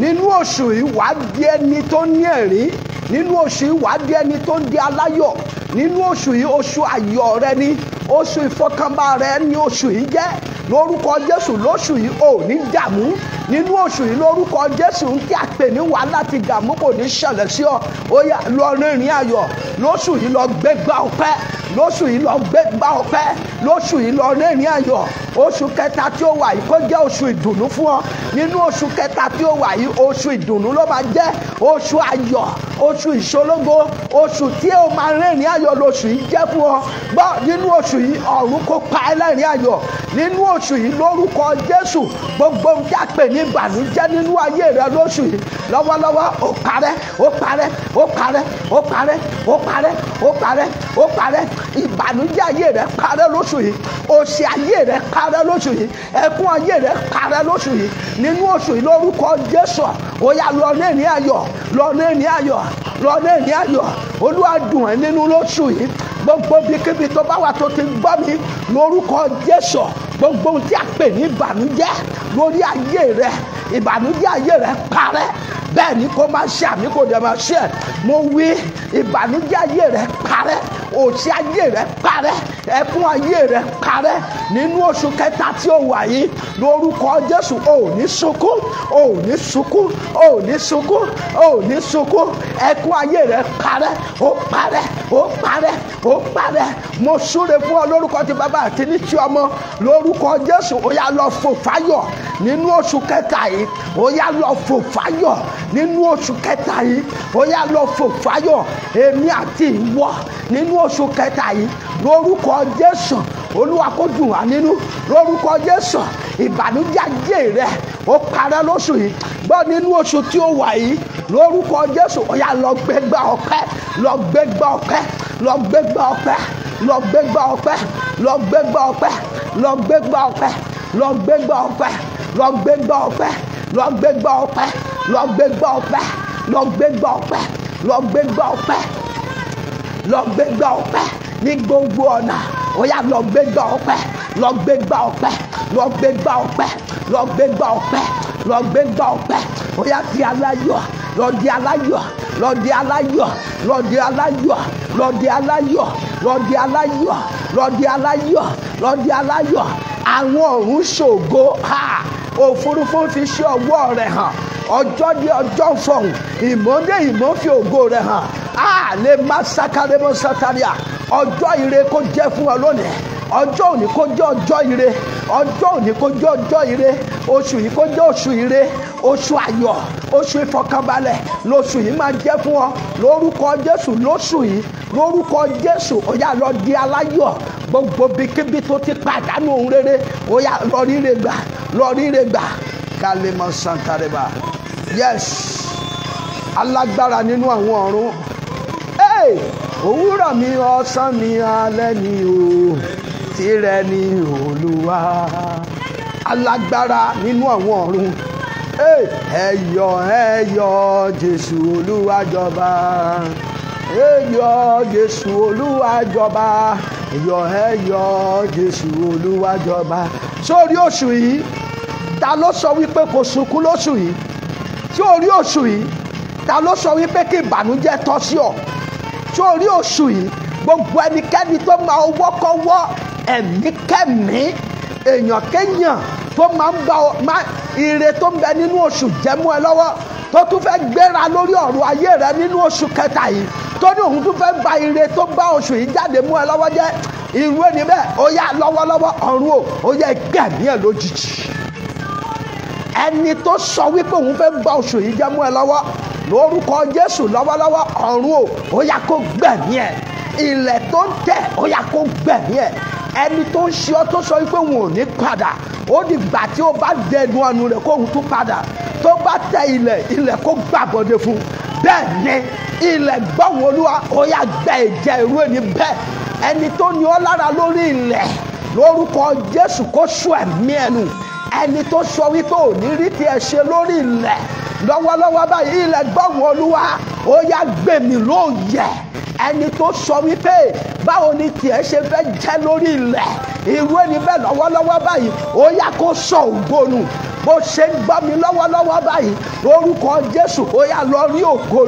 nínú oṣù yìí wàá di ẹni tó ní ẹ̀rín nínú oṣù yìí ẹni tó ń di aláyọ̀ nínú oṣù yìí oṣù ayọ̀ rẹ ni oṣù ìfọkànbá rẹ ni oṣù yìí jẹ́ lórúkọ jésù lóṣù yìí ò ní dààmú nínú oṣù yìí lórúkọ jésù ń kí àpè ní wàá láti dààmú kò ní ṣẹlẹ̀ sí ọ ó yá lọ rìnrìn ayọ̀ lóṣù yìí lọ gbégbá ọpẹ́ lóṣù yìí lọ gbégbá ọpẹ́ lóṣù yìí lọ rìnrìn ayọ̀ oṣù kẹta tí ó wà yìí kó jẹ́ oṣù ìdùnnú fún ọ nínú oṣù kẹta tí ó wà yìí oṣù ìdùnnú ló máa jẹ́ oṣù ayọ̀ oṣù ìṣológo oṣù tí o máa rẹ́rìn ayọ̀ lóṣù yìí jẹ́ fún ọ gbọ́ nínú oṣù yìí ọ̀run kó pa ẹ́ lẹ́rìn ayọ̀ nínú oṣù yìí lórúkọ jésù gbogbo ń já pè ní ìbànújẹ́ nínú ayé rẹ lóṣù yìí lọ́wọ́lọ́wọ́ ó parẹ́ ó parẹ́ ó parẹ́ ó parẹ́ ó parẹ́ ó parẹ́ ó parẹ́ ìbànújẹ́ ayé rẹ parẹ́ lóṣù yìí òṣì ayé rẹ parẹ́ lóṣù yìí ẹkún ayé rẹ parẹ́ lóṣù yìí nínú oṣù yìí lórúkọ jésù ó yá lọ ní ayọ̀ lọ ní ayọ̀ lọ́dẹ ní ayọ̀ olúwa dùn ẹ́ nínú lóṣù yìí gbogbo bíkíbi tó bá wà tó ti gbọ́ mi lórúkọ jésù gbogbo tí a pè ní ìbànújẹ́ lórí ayé rẹ ìbànújẹ́ ayé rẹ parẹ́ bẹ́ẹ̀ ni kò máa ṣe àmì kò dẹ̀ máa ṣe mo wí ìbànújẹ́ ayé rẹ parẹ́ òṣì ayé rẹ parẹ́ ẹkún ayé rẹ parẹ́ nínú oṣù kẹta tí ó wà yìí lórúkọ jésù ò ní sunkún ò ní sunkún ò ní sunkún ò ní sunkún ẹkún ayé rẹ parẹ́ ó parẹ́ ó parẹ́ ó parẹ́ mo súre fún ọ lórúkọ ti bàbá àti ní ti ọmọ lórúkọ jésù ó yá lọ fò fáyọ̀ nínú oṣù kẹta yìí ó yá lọ fò fáyọ̀ nínú oṣù kẹta yìí ó yá lọ fò fáyọ̀ èmi àti ìwọ nínú oṣù kẹta yìí lórúkọ jésù olúwa kó dùn wá nínú lórúkọ jésù ìbànújẹ́ ajé rẹ ó parẹ́ lóṣù yìí gbọ́ nínú oṣù tí ó wà yìí lórúkọ jésù ó yá lọ gbégbá ọpẹ́ lọ gbégbá ọpẹ́ lọ gbégbá ọpẹ́ lọ gbégbá ọpẹ́ lọ gbégbá ọpẹ́ lọ gbégbá ọpẹ́ lọ gbégbá ọpẹ́ lọ gbégbá ọpẹ́ lọ gbégbá ọpẹ́ lọ gbégbá ọpẹ́ lọ gbégbá ọpẹ́ lọ gbégbá ọpẹ́ lọ gbégbá ọpẹ́ ní gbogbo ọ̀nà ó yá lọ gbégbá ọpẹ́ lọ gbégbá ọpẹ́ lọ gbégbá ọpẹ́ lọ gbégbá ọpẹ́ lọ gbégbá ọpẹ́ ó yá di aláyọ̀ lọ di aláyọ̀ lọ di aláyọ̀ lọ di aláyọ̀ lọ di aláyọ̀ lọ di aláyọ̀ lọ di aláyọ̀ lọ di aláyọ̀ àwọn ọ̀run ṣògo ha òfurufú fi ṣe ọwọ́ rẹ̀ hàn ọjọ́ di ọjọ́ fọ̀hún ìmọ̀dé ìmọ̀ fi ògo rẹ̀ hàn àlè ah, le mọ́sátàlíà ọjọ́ ire kó jẹ́ fún ọ lónìí ọjọ́ òní kó jẹ́ ọjọ́ ire ọjọ́ òní kó jẹ́ ọjọ́ ire oṣù yìí kó jẹ́ oṣù ire oṣù ayọ̀ oṣù ìfọkànbalẹ̀ lóṣù yìí máa jẹ́ fún ọ lórúkọ Jésù lóṣù yìí lórúkọ Jésù ó yá lọ di aláyọ̀ gbogbo bíkíbi tó ti pàdánù ohun rere ó lọ ríre gbà lọ ríre gbà kálímọ̀ santareba yes alágbára nínú àwọn ọ̀run òwúrọ̀ mi ọ̀sán mi alẹ́ mi o tìrẹ ni olúwa alágbára nínú àwọn ọ̀run ẹ yọ̀ ẹ yọ̀ jésù olúwa jọba ẹ yọ̀ jésù olúwa jọba ẹ yọ̀ ẹ yọ̀ jésù olúwa jọba sórí oṣù yìí ta ló sọ wípé kò sunkún lóṣù yìí sórí oṣù yìí ta ló sọ wípé kí ìbànújẹ́ tọ́ sí ọ sórí oṣù yìí gbogbo ẹnikẹ́ni tó máa wọ́kọ́wọ́ ẹ̀míkẹ́mí èèyàn kéèyàn tó máa ń bá ire tó ń bẹ nínú oṣù jẹ́mú ẹ lọ́wọ́ tó tún fẹ́ gbéra lórí ọ̀rọ̀ ayé rẹ nínú oṣù kẹta yìí tó ní òun tún fẹ́ ba ire tó bá oṣù yìí jáde mú ẹ lọ́wọ́ jẹ́ irú ẹni bẹ́ẹ̀ ó yá lọ́wọ́lọ́wọ́ ọ̀run o ó yẹ gẹ̀mí ẹ̀ lójijì ẹni tó sọ wípé òun fẹ́ ba oṣù yìí jẹ́ ẹ lọ́wọ́ lórúkọ jésù lọ́wọ́lọ́wọ́ ọ̀run o ó yá kó gbẹ̀mí ẹ̀ ilẹ̀ tó ń tẹ̀ ó yá kó gbẹ̀mí ẹ̀ ẹni tó ń ṣe ọ́ tó sọ wípé òun ò ní padà ó dìgbà tí ó bá dẹnu ọ̀nù rẹ̀ kó òun tún padà tó bá tẹ ilẹ̀ ilẹ̀ kó gbàbọ̀dé fún bẹ́ẹ̀ ni ilẹ̀ gbọ́hùn olúwa ó yá gbẹ ìjẹ́ irú ẹni bẹ́ẹ̀ ẹni tó ní ọ́ lára lórí ilẹ̀ lórúkọ jésù kó sọ ẹ̀mí ẹnu ẹni tó sọ wípé òní rí tiẹ̀ ṣe lórí ilẹ̀ lọ́wọ́lọ́wọ́ báyìí ilẹ̀ gbọ́hùn olúwa ó yá gbèmí lóòyẹ̀ ẹni tó sọ wípé báwo ni tiẹ̀ ṣe fẹ́ jẹ́ lórí ilẹ̀ irú ẹni bẹ́ẹ̀ lọ́wọ́lọ́wọ́ báyìí ó yá kó sọ ògbónú bó ṣe ń gbọ́ mi lọ́wọ́lọ́wọ́ báyìí orúkọ jésù ó yá lọ rí ògo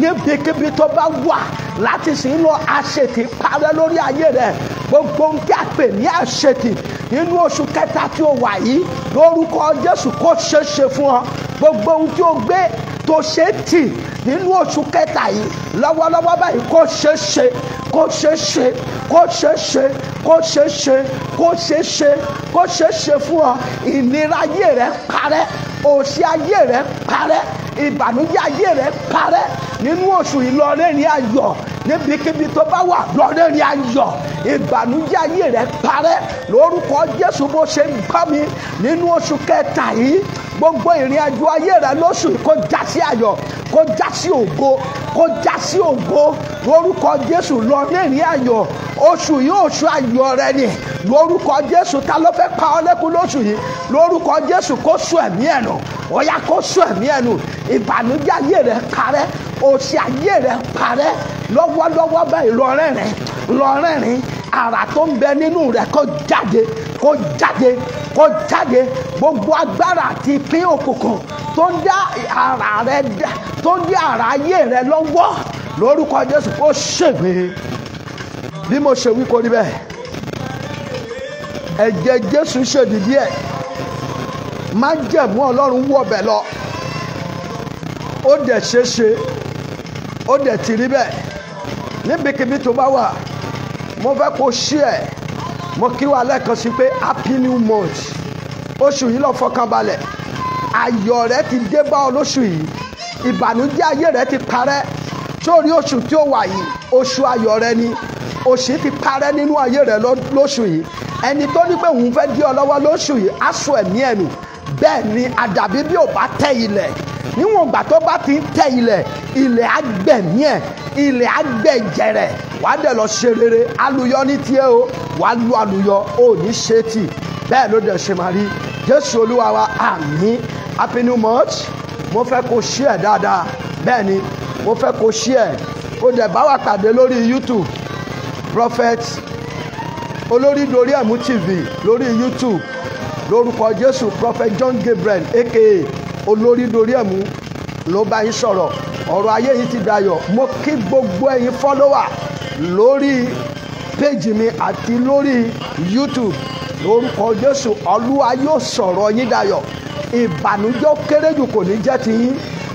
níbikíbi tó bá wà láti sìn lọ àṣetì parẹ́ lórí ayé rẹ̀ gbogbo ń kí àpè ní àṣetì inú oṣù kẹta tí o wà yìí lórúkọ jésù kó ṣeé ṣe fún ọ gbogbo ohun tí o gbé tó ṣe tì nínú oṣù kẹta yìí lọ́wọ́lọ́wọ́ báyìí kó ṣeé ṣe kó ṣeé ṣe kó ṣeé ṣe kó ṣeé ṣe kó ṣeé ṣe kó ṣeé ṣe fún ọ ìnira ayé rẹ parẹ́ òṣì ayé rẹ parẹ́ ìbànújẹ́ ayé rẹ parẹ́ nínú oṣù ìlọrin ní ayọ̀ níbikíbi tó bá wà lọ́rẹ́ rí ayọ̀ ìbànújẹ́ ayé rẹ̀ parẹ́ lórúkọ Jésù bó ṣe ń bá mi nínú oṣù kẹta yìí gbogbo ìrìn àjò ayé rẹ lóṣù kó já sí ayọ̀ kó já sí ògo kó já sí ògo lórúkọ Jésù lọ rẹ́rìn ayọ̀ oṣù yìí oṣù ayọ̀ rẹ ni lórúkọ Jésù ta ló fẹ́ pa ọ́ lẹ́kún lóṣù yìí lórúkọ Jésù kó sùn ẹ̀mí ẹ̀ ọ̀yà kó sùn ẹ̀mí ẹ̀ ìbànújẹ́ ayé rẹ parẹ́ òṣì ayé rẹ parẹ́ lọ́wọ́lọ́wọ́ báyìí lọ rẹ́rìn lọ rẹ́rìn àrà tó ń bẹ nínú rẹ̀ kó jáde kó jáde kó jáde gbogbo agbára àti pín òkùnkùn tó ń dá ara rẹ tó ń dá ara ayé rẹ lọ́wọ́ lórúkọ Jésù kó ṣègbè bí mo ṣe wí kó rí ẹ̀jẹ̀ Jésù ṣèdìdí ẹ̀ máa jẹ̀mú Ọlọ́run wọ̀ bẹ̀ lọ ó dẹ̀ ṣeé ó dẹ̀ ti rí bẹ́ẹ̀ níbikíbi tó bá wà mo fẹ́ kó share mo kí wa lẹ́ẹ̀kan sí pé happy new month oṣù yìí lọ fọkàn ayọ̀ rẹ ti dé bá ọ lóṣù yìí ìbànújẹ́ ayé rẹ ti parẹ́ sórí oṣù tí ó wà yìí oṣù ayọ̀ rẹ ni oṣù ti parẹ́ nínú ayé rẹ lóṣù yìí ẹni tó ní pé òun fẹ́ dí ọ lọ́wọ́ lóṣù yìí aṣọ ẹ̀mí ẹ̀nu bẹ́ẹ̀ ni àdàbí bí ò bá tẹ ilẹ̀ níwọ̀n ìgbà tó bá ti ń tẹ ilẹ̀ ilẹ̀ á gbẹ̀mí ẹ̀ ilẹ̀ á gbẹ̀jẹ̀ rẹ̀ wàá dẹ̀ lọ ṣe rere aluyọ ní tiẹ̀ o wàá lu aluyọ ò ní ṣe tì bẹ́ẹ̀ ló dẹ̀ ṣe máa rí jésù olúwa wa àmín happy new month mo fẹ́ kó ṣí ẹ̀ dáadáa bẹ́ẹ̀ ni mo fẹ́ kó ṣí ẹ̀ kó dẹ̀ bá wa pàdé lórí youtube prophet olórí dorí ẹ̀mú tv lórí youtube lórúkọ jésù prophet john gabriel aka olórí dorí ẹ̀ mú ló bá yín sọ̀rọ̀ ọ̀rọ̀ ayé yìí ti dayọ̀ mo kí gbogbo ẹ̀yin fọ́lọ́wà lórí péjì mi àti lórí YouTube lórúkọ Jésù Olúwa yóò sọ̀rọ̀ yín dayọ̀ ìbànújẹ́ kéré jù kò ní jẹ́ ti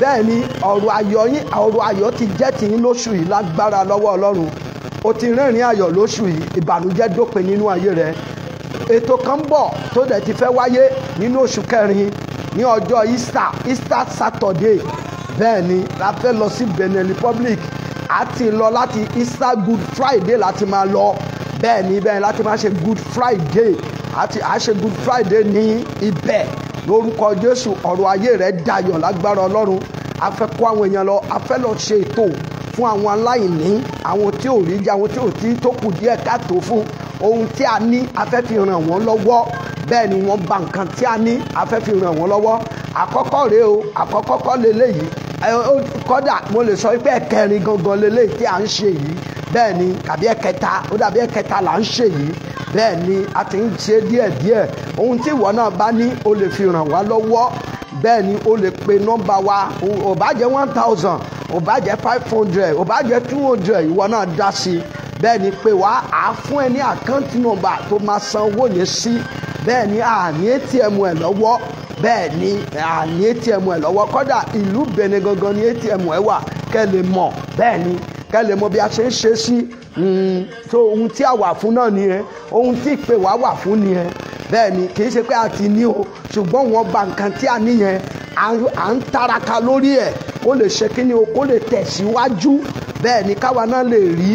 bẹ́ẹ̀ ni ọ̀rọ̀ ayọ̀ yín ọ̀rọ̀ ayọ̀ ti jẹ́ ti yín lóṣù yìí lágbára lọ́wọ́ Ọlọ́run o ti rẹ́rìn ayọ̀ lóṣù yìí ìbànújẹ́ dópin nínú ayé rẹ ètò kan bọ̀ tó dẹ̀ ti fẹ́ wáyé nínú oṣù kẹrin ní ọjọ́ Easter Easter Saturday bẹ́ẹ̀ ni la fẹ́ lọ sí Benin Republic a ti lọ láti Easter Good Friday láti máa lọ bẹ́ẹ̀ ni bẹ́ẹ̀ láti máa ṣe Good Friday àti a ṣe Good Friday ní ibẹ̀ lórúkọ Jésù ọ̀rọ̀ ayé rẹ̀ dayọ̀ lágbára Ọlọ́run a fẹ́ kó àwọn èèyàn lọ a fẹ́ lọ ṣe ètò fún àwọn aláìní àwọn tí ò rí jẹ àwọn tí ò tí tó kù díẹ̀ káàtó fún ohun tí a ní a fẹ́ fi ràn wọ́n lọ́wọ́ bẹ́ẹ̀ ni wọ́n bà nǹkan tí a ní afẹ́fẹ́ ràn wọ́n lọ́wọ́ àkọ́kọ́ rèé o àkọ́kọ́ kọ́ leléyìí kọ́dà mo lè sọ pé ẹ̀kẹrin gangan leléyìí tí à ń ṣe yìí bẹ́ẹ̀ ni tàbí ẹ̀kẹta ó dàbí ẹ̀kẹta là ń ṣe yìí bẹ́ẹ̀ ni a ti ń ṣe díẹ̀díẹ̀ ohun tí ìwọ náà bá ní o lè fi ràn wá lọ́wọ́ bẹ́ẹ̀ ni o lè pe nọ́mbà wa ò bá jẹ́ one thousand ò bá jẹ́ five hundred ò bá jẹ́ two hundred ìwọ náà dá sí i bẹ́ẹ̀ ni pé wá á fún ẹ ní àkáǹtì nọ́mbà tó máa san owó yẹn sí bẹ́ẹ̀ ni àní atm ẹ̀ lọ́wọ́ bẹ́ẹ̀ ni àní atm ẹ̀ lọ́wọ́ kọ́dà ìlú Benin gangan ni atm ẹ̀ wà kẹ́ lè mọ̀ bẹ́ẹ̀ ni kẹ́ lè mọ bí a ṣe ń ṣe sí hmm, so ohun tí a wà fún náà nìyẹn ohun tí ìpè wá wà fún nìyẹn bẹ́ẹ̀ ni kì í ṣe pé a ti ní o ṣùgbọ́n wọn ba nǹkan tí a níyẹn à ń taraka lórí ẹ̀ kó lè ṣe kí ni o kó lè tẹ̀síwájú bẹ́ẹ̀ ni káwa náà lè rí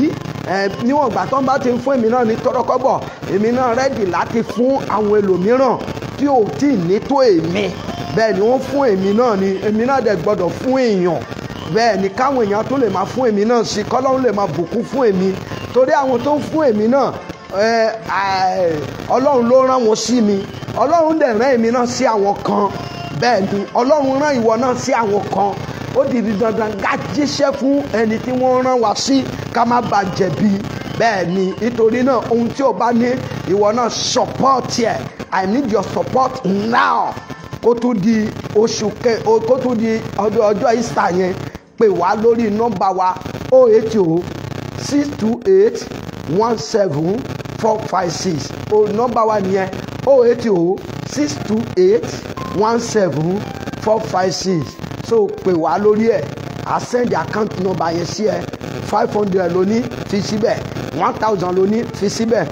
níwọ̀n ìgbà tó ń bá ti ń fún èmi náà ní tọ́rọ́kọ́bọ̀ èmi náà rẹ́dì láti fún àwọn ẹlòmíràn tí ò tí ì ní tó èmi bẹ́ẹ̀ ni wọ́n fún èmi náà ni èmi náà dẹ̀ gbọ́dọ̀ fún èèyàn bẹ́ẹ̀ ni káwọn èèyàn tó lè máa fún èmi náà sí kọ́lọ́run lè máa bùkún fún èmi torí àwọn tó ń fún èmi náà ọlọ́run ló rán wọn sí mi ọlọ́run dẹ̀ rán èmi náà sí àwọn kan bẹ́ẹ̀ ni ọlọ́run rán ìwọ náà sí àwọn kan ó di dandan ká jíṣẹ́ fún ẹni tí wọ́n rán wa sí ká má bà jẹ̀bi bẹ́ẹ̀ ni nítorí náà ohun tí o bá ní ìwọ náà support ẹ̀ I need your support now kó tó di oṣù kẹ kó tó di ọjọ́ Easter yẹn pè wá lórí nọ́mbà wa oh oh seven four five six. o nọ́mbà wa nìyẹn oh seven four five six so pè wá lórí ẹ̀ a send account number yẹn sí ẹ five hundred lóní fi síbẹ̀ one thousand lóní fi síbẹ̀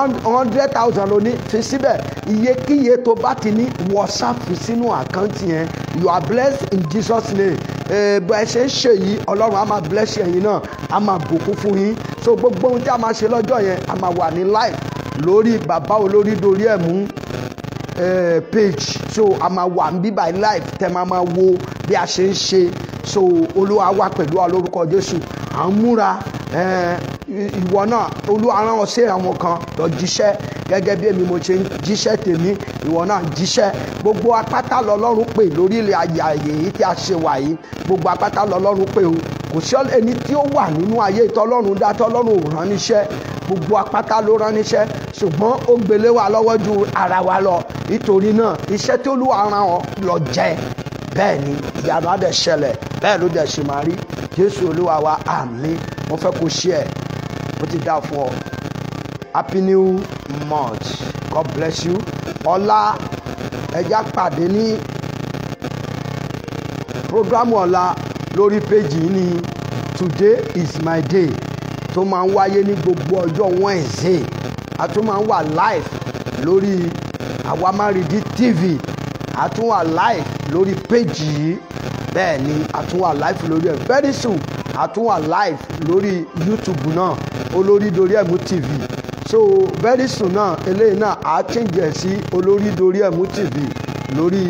one hundred thousand lóní fi síbẹ̀ iyekíye tó bá ti ní whatsapp sínú account yẹn you are blessed in jesus name bẹ́ẹ̀ ṣe ń ṣe yìí ọlọ́run á máa bless ẹ̀yin náà á máa bùkún fún yín so gbogbo ohun tí a máa ṣe lọ́jọ́ yẹn a máa wà ní life. lórí bàbá olórí dorí ẹ̀ mú page so a máa wà ń bíbá live tẹ́ máa máa wo bí a ṣe ń ṣe so olúwa wà pẹ̀lú wa lórúkọ jésù à ń múra ìwọ náà olúwa rán ọ sí àwọn kan lọ jíṣẹ́ gẹ́gẹ́ bí èmi mo ṣe ń jíṣẹ́ tèmi ìwọ náà jíṣẹ́ gbogbo apáta lọ́lọ́run pè lórí ilẹ̀ ayé ààyè yìí tí a ṣe wà yìí gbogbo apáta lọ́lọ́run pè o kò sí ẹni tí ó wà nínú ayé tọ́lọ́run dá tọ́lọ́run ò rán níṣẹ́ gbogbo apáta ló rán níṣẹ́ ṣùgbọ́n ó gbélé wa lọ́wọ́ ju ara wa lọ nítorí náà iṣẹ́ tí olúwa rán ọ lọ jẹ́ bẹ́ẹ̀ ni ìyanu á ṣẹlẹ̀ bẹ́ẹ̀ ló dẹ̀ ṣe jésù olúwa wa mo fẹ́ kó ṣe ẹ̀ mo ti dá fún ọ happy new month god bless you ọ̀la ẹja pàdé ní programu ọ̀la lórí péjì ní today is my day tó máa ń wáyé ní gbogbo ọjọ́ Wednesday a tún máa ń wà live lórí Àwámáridì TV a tún wà live lórí péjì yìí bẹ́ẹ̀ ni àtúnwà live lórí ẹ̀ very soon àtúnwà live lórí YouTube náà olórí dorí ẹ̀mú TV so very soon náà eléyìí náà á change ẹ̀ sí olórí dorí ẹ̀mú TV lórí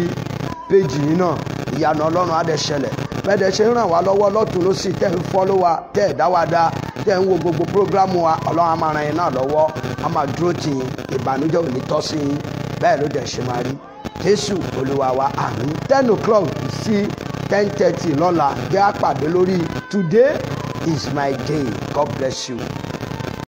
péjì yìí náà ìyànà ọlọ́run á dẹ̀ ṣẹlẹ̀ bẹ́ẹ̀ ṣe ń ràn wá lọ́wọ́ lọ́tún ló sì tẹ̀ ń fọ́lọ́ wa tẹ̀ dá wa dá tẹ̀ ń wo gbogbo prógrámù wa ọlọ́run á máa náà lọ́wọ́ á tì yín ìbànújẹ́ ò tọ́ sí yín bẹ́ẹ̀ ló dẹ̀ ṣe máa rí jésù olúwa wa àmín ten o'clock sí ten thirty lọ́la jẹ́ àpàdé lórí today is my day god bless you.